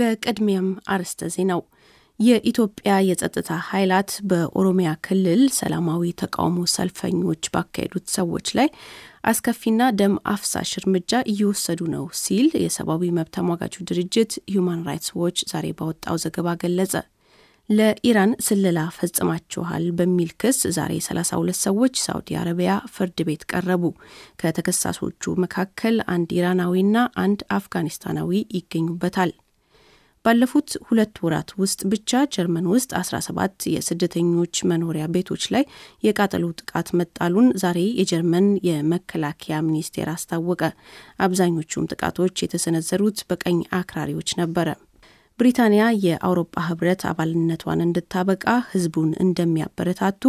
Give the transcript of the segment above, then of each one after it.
በቅድሚያም አርዕስተ ዜናው የኢትዮጵያ የጸጥታ ኃይላት በኦሮሚያ ክልል ሰላማዊ ተቃውሞ ሰልፈኞች ባካሄዱት ሰዎች ላይ አስከፊና ደም አፍሳሽ እርምጃ እየወሰዱ ነው ሲል የሰብአዊ መብት ተሟጋቹ ድርጅት ሁማን ራይትስ ዎች ዛሬ ባወጣው ዘገባ ገለጸ። ለኢራን ስለላ ፈጽማችኋል በሚል ክስ ዛሬ 32 ሰዎች ሳውዲ አረቢያ ፍርድ ቤት ቀረቡ። ከተከሳሾቹ መካከል አንድ ኢራናዊና አንድ አፍጋኒስታናዊ ይገኙበታል። ባለፉት ሁለት ወራት ውስጥ ብቻ ጀርመን ውስጥ 17 የስደተኞች መኖሪያ ቤቶች ላይ የቃጠሎ ጥቃት መጣሉን ዛሬ የጀርመን የመከላከያ ሚኒስቴር አስታወቀ። አብዛኞቹም ጥቃቶች የተሰነዘሩት በቀኝ አክራሪዎች ነበረ። ብሪታንያ የአውሮፓ ህብረት አባልነቷን እንድታበቃ ህዝቡን እንደሚያበረታቱ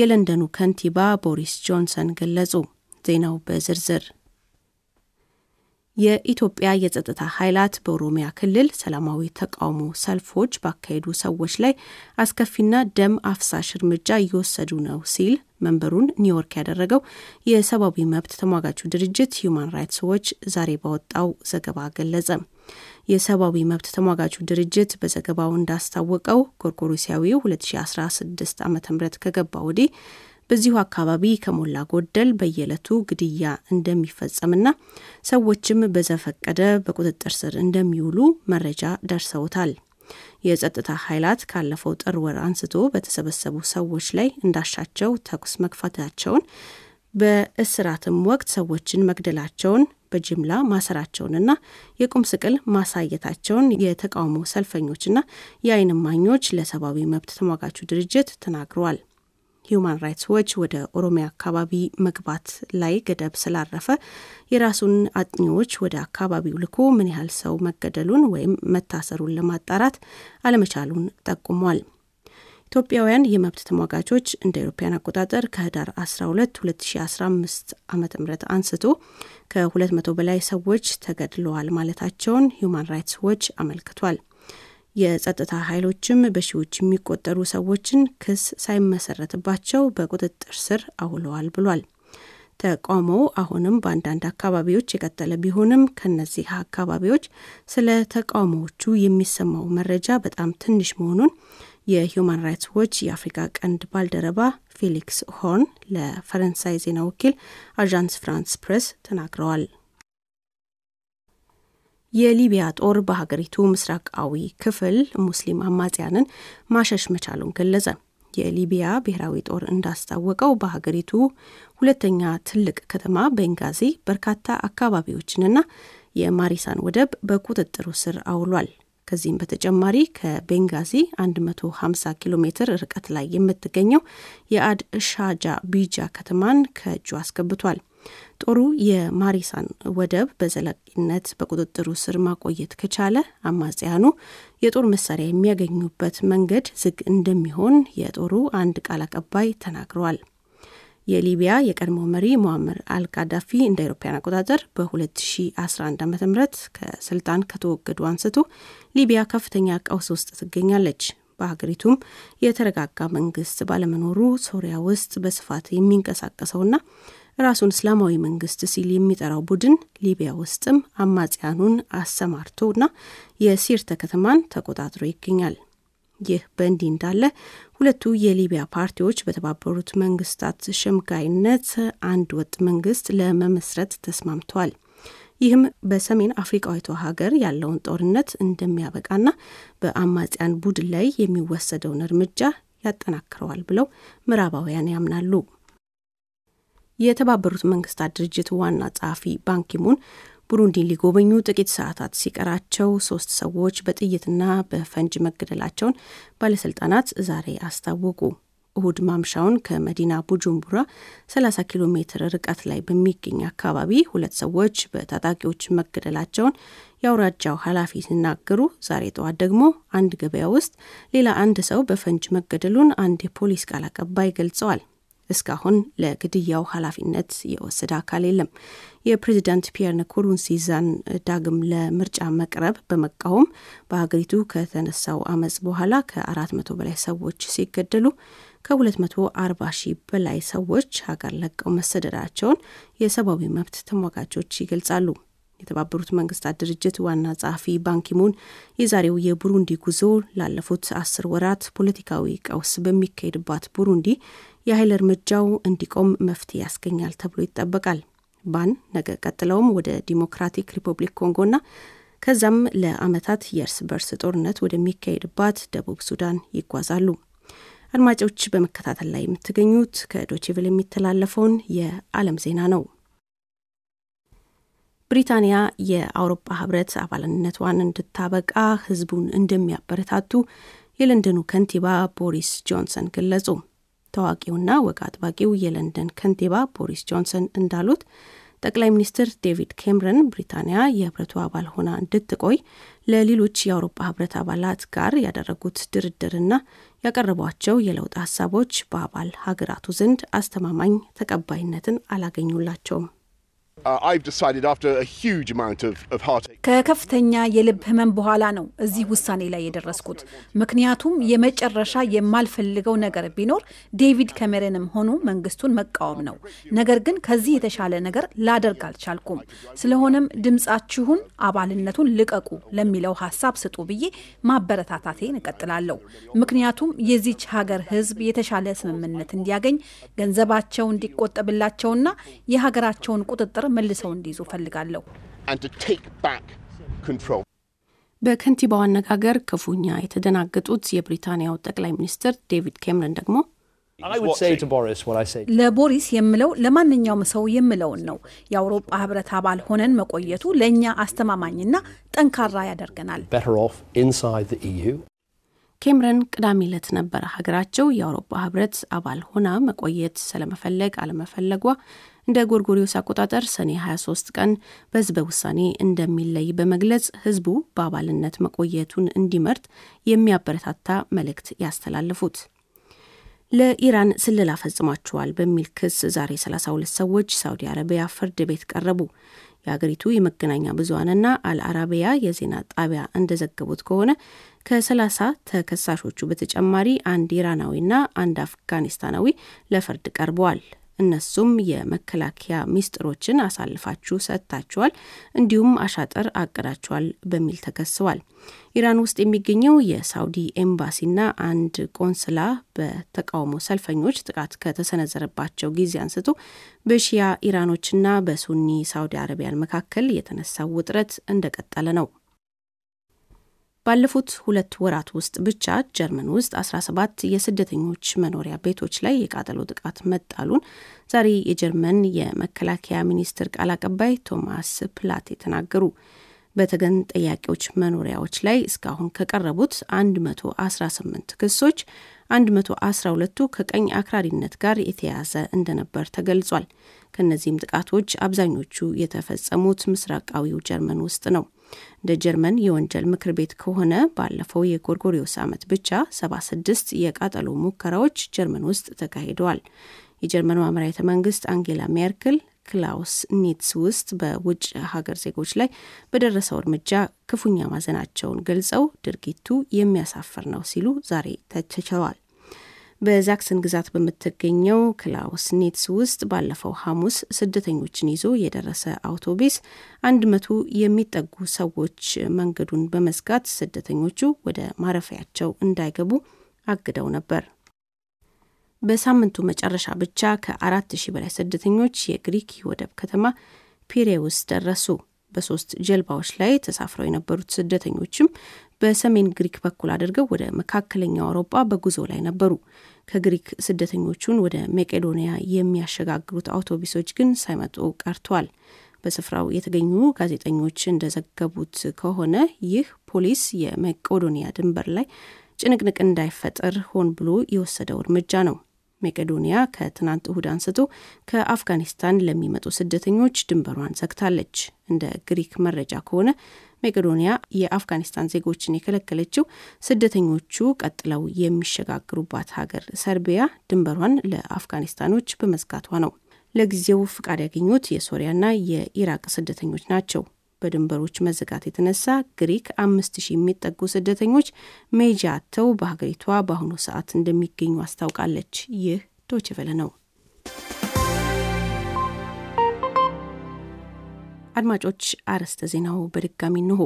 የለንደኑ ከንቲባ ቦሪስ ጆንሰን ገለጹ። ዜናው በዝርዝር የኢትዮጵያ የጸጥታ ኃይላት በኦሮሚያ ክልል ሰላማዊ ተቃውሞ ሰልፎች ባካሄዱ ሰዎች ላይ አስከፊና ደም አፍሳሽ እርምጃ እየወሰዱ ነው ሲል መንበሩን ኒውዮርክ ያደረገው የሰብአዊ መብት ተሟጋቹ ድርጅት ሁማን ራይትስ ዎች ዛሬ ባወጣው ዘገባ ገለጸ። የሰብአዊ መብት ተሟጋቹ ድርጅት በዘገባው እንዳስታወቀው ጎርጎሮሲያዊው 2016 ዓ ም ከገባ ወዲህ በዚሁ አካባቢ ከሞላ ጎደል በየዕለቱ ግድያ እንደሚፈጸምና ሰዎችም በዘፈቀደ በቁጥጥር ስር እንደሚውሉ መረጃ ደርሰውታል። የጸጥታ ኃይላት ካለፈው ጥር ወር አንስቶ በተሰበሰቡ ሰዎች ላይ እንዳሻቸው ተኩስ መክፈታቸውን፣ በእስራትም ወቅት ሰዎችን መግደላቸውን፣ በጅምላ ማሰራቸውንና የቁም ስቅል ማሳየታቸውን የተቃውሞ ሰልፈኞችና የአይን እማኞች ለሰብአዊ መብት ተሟጋቹ ድርጅት ተናግረዋል። ሂዩማን ራይትስ ዎች ወደ ኦሮሚያ አካባቢ መግባት ላይ ገደብ ስላረፈ የራሱን አጥኚዎች ወደ አካባቢው ልኮ ምን ያህል ሰው መገደሉን ወይም መታሰሩን ለማጣራት አለመቻሉን ጠቁሟል። ኢትዮጵያውያን የመብት ተሟጋቾች እንደ ኤሮፓያን አቆጣጠር ከህዳር 12 2015 ዓ ም አንስቶ ከ200 በላይ ሰዎች ተገድለዋል ማለታቸውን ሂዩማን ራይትስ ዎች አመልክቷል። የጸጥታ ኃይሎችም በሺዎች የሚቆጠሩ ሰዎችን ክስ ሳይመሰረትባቸው በቁጥጥር ስር አውለዋል ብሏል። ተቃውሞው አሁንም በአንዳንድ አካባቢዎች የቀጠለ ቢሆንም ከነዚህ አካባቢዎች ስለ ተቃውሞዎቹ የሚሰማው መረጃ በጣም ትንሽ መሆኑን የሂዩማን ራይትስ ዎች የአፍሪካ ቀንድ ባልደረባ ፌሊክስ ሆርን ለፈረንሳይ ዜና ወኪል አዣንስ ፍራንስ ፕሬስ ተናግረዋል። የሊቢያ ጦር በሀገሪቱ ምስራቃዊ ክፍል ሙስሊም አማጽያንን ማሸሽ መቻሉን ገለጸ። የሊቢያ ብሔራዊ ጦር እንዳስታወቀው በሀገሪቱ ሁለተኛ ትልቅ ከተማ ቤንጋዚ በርካታ አካባቢዎችንና የማሪሳን ወደብ በቁጥጥሩ ስር አውሏል። ከዚህም በተጨማሪ ከቤንጋዚ 150 ኪሎ ሜትር ርቀት ላይ የምትገኘው የአድ ሻጃ ቢጃ ከተማን ከእጁ አስገብቷል። ጦሩ የማሪሳን ወደብ በዘላቂነት በቁጥጥሩ ስር ማቆየት ከቻለ አማጽያኑ የጦር መሳሪያ የሚያገኙበት መንገድ ዝግ እንደሚሆን የጦሩ አንድ ቃል አቀባይ ተናግረዋል። የሊቢያ የቀድሞ መሪ ሞሐመር አልጋዳፊ እንደ አውሮፓውያን አቆጣጠር በ2011 ዓ ም ከስልጣን ከተወገዱ አንስቶ ሊቢያ ከፍተኛ ቀውስ ውስጥ ትገኛለች። በሀገሪቱም የተረጋጋ መንግስት ባለመኖሩ ሶሪያ ውስጥ በስፋት የሚንቀሳቀሰውና ራሱን እስላማዊ መንግስት ሲል የሚጠራው ቡድን ሊቢያ ውስጥም አማጽያኑን ና የሲርተ ከተማን ተቆጣጥሮ ይገኛል። ይህ በእንዲህ እንዳለ ሁለቱ የሊቢያ ፓርቲዎች በተባበሩት መንግስታት ሸምጋይነት አንድ ወጥ መንግስት ለመመስረት ተስማምተዋል። ይህም በሰሜን አፍሪቃዊቷ ሀገር ያለውን ጦርነት እንደሚያበቃና በአማጽያን ቡድን ላይ የሚወሰደውን እርምጃ ያጠናክረዋል ብለው ምዕራባውያን ያምናሉ። የተባበሩት መንግስታት ድርጅት ዋና ጸሐፊ ባንኪሙን ቡሩንዲን ሊጎበኙ ጥቂት ሰዓታት ሲቀራቸው ሶስት ሰዎች በጥይትና በፈንጅ መገደላቸውን ባለስልጣናት ዛሬ አስታወቁ። እሁድ ማምሻውን ከመዲና ቡጁምቡራ 30 ኪሎ ሜትር ርቀት ላይ በሚገኝ አካባቢ ሁለት ሰዎች በታጣቂዎች መገደላቸውን የአውራጃው ኃላፊ ሲናገሩ፣ ዛሬ ጠዋት ደግሞ አንድ ገበያ ውስጥ ሌላ አንድ ሰው በፈንጅ መገደሉን አንድ የፖሊስ ቃል አቀባይ ገልጸዋል። እስካሁን ለግድያው ኃላፊነት የወሰደ አካል የለም። የፕሬዚዳንት ፒየር ንኩሩንዚዛን ዳግም ለምርጫ መቅረብ በመቃወም በሀገሪቱ ከተነሳው አመፅ በኋላ ከ400 በላይ ሰዎች ሲገደሉ ከ240 ሺህ በላይ ሰዎች ሀገር ለቀው መሰደዳቸውን የሰብአዊ መብት ተሟጋቾች ይገልጻሉ። የተባበሩት መንግስታት ድርጅት ዋና ጸሐፊ ባንኪሙን የዛሬው የቡሩንዲ ጉዞ ላለፉት አስር ወራት ፖለቲካዊ ቀውስ በሚካሄድባት ቡሩንዲ የኃይል እርምጃው እንዲቆም መፍትሄ ያስገኛል ተብሎ ይጠበቃል። ባን ነገ ቀጥለውም ወደ ዲሞክራቲክ ሪፐብሊክ ኮንጎና ከዛም ለአመታት የእርስ በርስ ጦርነት ወደሚካሄድባት ደቡብ ሱዳን ይጓዛሉ። አድማጮች በመከታተል ላይ የምትገኙት ከዶችቪል የሚተላለፈውን የዓለም ዜና ነው። ብሪታንያ የአውሮፓ ህብረት አባልነቷን እንድታበቃ ህዝቡን እንደሚያበረታቱ የለንደኑ ከንቲባ ቦሪስ ጆንሰን ገለጹ። ታዋቂውና ወግ አጥባቂው የለንደን ከንቲባ ቦሪስ ጆንሰን እንዳሉት ጠቅላይ ሚኒስትር ዴቪድ ኬምረን ብሪታንያ የህብረቱ አባል ሆና እንድትቆይ ለሌሎች የአውሮፓ ህብረት አባላት ጋር ያደረጉት ድርድርና ያቀረቧቸው የለውጥ ሀሳቦች በአባል ሀገራቱ ዘንድ አስተማማኝ ተቀባይነትን አላገኙላቸውም። Uh, ከከፍተኛ የልብ ህመም በኋላ ነው እዚህ ውሳኔ ላይ የደረስኩት። ምክንያቱም የመጨረሻ የማልፈልገው ነገር ቢኖር ዴቪድ ከሜረንም ሆኑ መንግስቱን መቃወም ነው። ነገር ግን ከዚህ የተሻለ ነገር ላደርግ አልቻልኩም። ስለሆነም ድምጻችሁን አባልነቱን ልቀቁ ለሚለው ሀሳብ ስጡ ብዬ ማበረታታቴን እቀጥላለሁ። ምክንያቱም የዚች ሀገር ህዝብ የተሻለ ስምምነት እንዲያገኝ ገንዘባቸው እንዲቆጠብላቸውና የሀገራቸውን ቁጥጥር መልሰው እንዲይዙ ፈልጋለሁ። በከንቲባው አነጋገር ክፉኛ የተደናገጡት የብሪታንያው ጠቅላይ ሚኒስትር ዴቪድ ኬምረን ደግሞ ለቦሪስ የምለው ለማንኛውም ሰው የምለውን ነው። የአውሮፓ ህብረት አባል ሆነን መቆየቱ ለእኛ አስተማማኝና ጠንካራ ያደርገናል። ኬምረን ቅዳሜ ዕለት ነበረ ሀገራቸው የአውሮፓ ህብረት አባል ሆና መቆየት ስለመፈለግ አለመፈለጓ እንደ ጎርጎሪዮስ አቆጣጠር ሰኔ 23 ቀን በህዝበ ውሳኔ እንደሚለይ በመግለጽ ህዝቡ በአባልነት መቆየቱን እንዲመርጥ የሚያበረታታ መልእክት ያስተላልፉት። ለኢራን ስልላ ፈጽማችኋል በሚል ክስ ዛሬ 32 ሰዎች ሳውዲ አረቢያ ፍርድ ቤት ቀረቡ። የአገሪቱ የመገናኛ ብዙኃንና አልአራቢያ የዜና ጣቢያ እንደዘገቡት ከሆነ ከ30 ተከሳሾቹ በተጨማሪ አንድ ኢራናዊና አንድ አፍጋኒስታናዊ ለፍርድ ቀርበዋል። እነሱም የመከላከያ ሚስጥሮችን አሳልፋችሁ ሰጥታችኋል፣ እንዲሁም አሻጥር አቅዳችኋል በሚል ተከስቧል። ኢራን ውስጥ የሚገኘው የሳውዲ ኤምባሲና አንድ ቆንስላ በተቃውሞ ሰልፈኞች ጥቃት ከተሰነዘረባቸው ጊዜ አንስቶ በሺያ ኢራኖችና በሱኒ ሳውዲ አረቢያን መካከል የተነሳው ውጥረት እንደቀጠለ ነው። ባለፉት ሁለት ወራት ውስጥ ብቻ ጀርመን ውስጥ 17 የስደተኞች መኖሪያ ቤቶች ላይ የቃጠሎ ጥቃት መጣሉን ዛሬ የጀርመን የመከላከያ ሚኒስትር ቃል አቀባይ ቶማስ ፕላቴ ተናገሩ። በተገን ጠያቂዎች መኖሪያዎች ላይ እስካሁን ከቀረቡት 118 ክሶች 112ቱ ከቀኝ አክራሪነት ጋር የተያያዘ እንደነበር ተገልጿል። ከእነዚህም ጥቃቶች አብዛኞቹ የተፈጸሙት ምስራቃዊው ጀርመን ውስጥ ነው። እንደ ጀርመን የወንጀል ምክር ቤት ከሆነ ባለፈው የጎርጎሪዮስ ዓመት ብቻ 76 የቃጠሎ ሙከራዎች ጀርመን ውስጥ ተካሂደዋል። የጀርመን መራሄተ መንግስት አንጌላ ሜርክል ክላውስ ኒትስ ውስጥ በውጭ ሀገር ዜጎች ላይ በደረሰው እርምጃ ክፉኛ ማዘናቸውን ገልጸው ድርጊቱ የሚያሳፍር ነው ሲሉ ዛሬ ተችተዋል። በዛክሰን ግዛት በምትገኘው ክላውስ ኔትስ ውስጥ ባለፈው ሐሙስ ስደተኞችን ይዞ የደረሰ አውቶቡስ አንድ መቶ የሚጠጉ ሰዎች መንገዱን በመዝጋት ስደተኞቹ ወደ ማረፊያቸው እንዳይገቡ አግደው ነበር። በሳምንቱ መጨረሻ ብቻ ከአራት ሺህ በላይ ስደተኞች የግሪክ ወደብ ከተማ ፒሬውስ ደረሱ። በሶስት ጀልባዎች ላይ ተሳፍረው የነበሩት ስደተኞችም በሰሜን ግሪክ በኩል አድርገው ወደ መካከለኛው አውሮጳ በጉዞ ላይ ነበሩ። ከግሪክ ስደተኞቹን ወደ መቄዶንያ የሚያሸጋግሩት አውቶቡሶች ግን ሳይመጡ ቀርቷል። በስፍራው የተገኙ ጋዜጠኞች እንደዘገቡት ከሆነ ይህ ፖሊስ የመቄዶንያ ድንበር ላይ ጭንቅንቅ እንዳይፈጠር ሆን ብሎ የወሰደው እርምጃ ነው። መቄዶንያ ከትናንት እሁድ አንስቶ ከአፍጋኒስታን ለሚመጡ ስደተኞች ድንበሯን ዘግታለች። እንደ ግሪክ መረጃ ከሆነ መቄዶንያ የአፍጋኒስታን ዜጎችን የከለከለችው ስደተኞቹ ቀጥለው የሚሸጋግሩባት ሀገር ሰርቢያ ድንበሯን ለአፍጋኒስታኖች በመዝጋቷ ነው። ለጊዜው ፍቃድ ያገኙት የሶሪያና የኢራቅ ስደተኞች ናቸው። በድንበሮች መዘጋት የተነሳ ግሪክ አምስት ሺህ የሚጠጉ ስደተኞች ሜጃ አጥተው በሀገሪቷ በአሁኑ ሰዓት እንደሚገኙ አስታውቃለች። ይህ ዶችቨለ ነው። አድማጮች አርዕስተ ዜናው በድጋሚ እንሆ።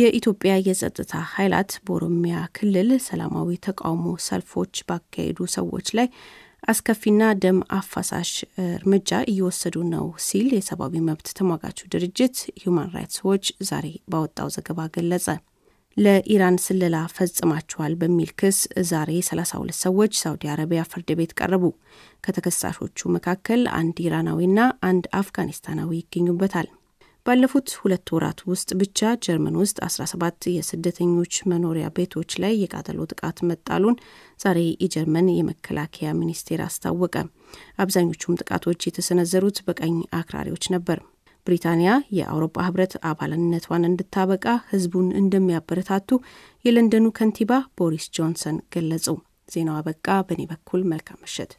የኢትዮጵያ የጸጥታ ኃይላት በኦሮሚያ ክልል ሰላማዊ ተቃውሞ ሰልፎች ባካሄዱ ሰዎች ላይ አስከፊና ደም አፋሳሽ እርምጃ እየወሰዱ ነው ሲል የሰብአዊ መብት ተሟጋቹ ድርጅት ሁማን ራይትስ ዎች ዛሬ ባወጣው ዘገባ ገለጸ። ለኢራን ስለላ ፈጽማችኋል በሚል ክስ ዛሬ 32 ሰዎች ሳውዲ አረቢያ ፍርድ ቤት ቀረቡ። ከተከሳሾቹ መካከል አንድ ኢራናዊና አንድ አፍጋኒስታናዊ ይገኙበታል። ባለፉት ሁለት ወራት ውስጥ ብቻ ጀርመን ውስጥ 17 የስደተኞች መኖሪያ ቤቶች ላይ የቃጠሎ ጥቃት መጣሉን ዛሬ የጀርመን የመከላከያ ሚኒስቴር አስታወቀ። አብዛኞቹም ጥቃቶች የተሰነዘሩት በቀኝ አክራሪዎች ነበር። ብሪታንያ የአውሮፓ ህብረት አባልነቷን እንድታበቃ ህዝቡን እንደሚያበረታቱ የለንደኑ ከንቲባ ቦሪስ ጆንሰን ገለጹ። ዜናው አበቃ። በእኔ በኩል መልካም ምሽት።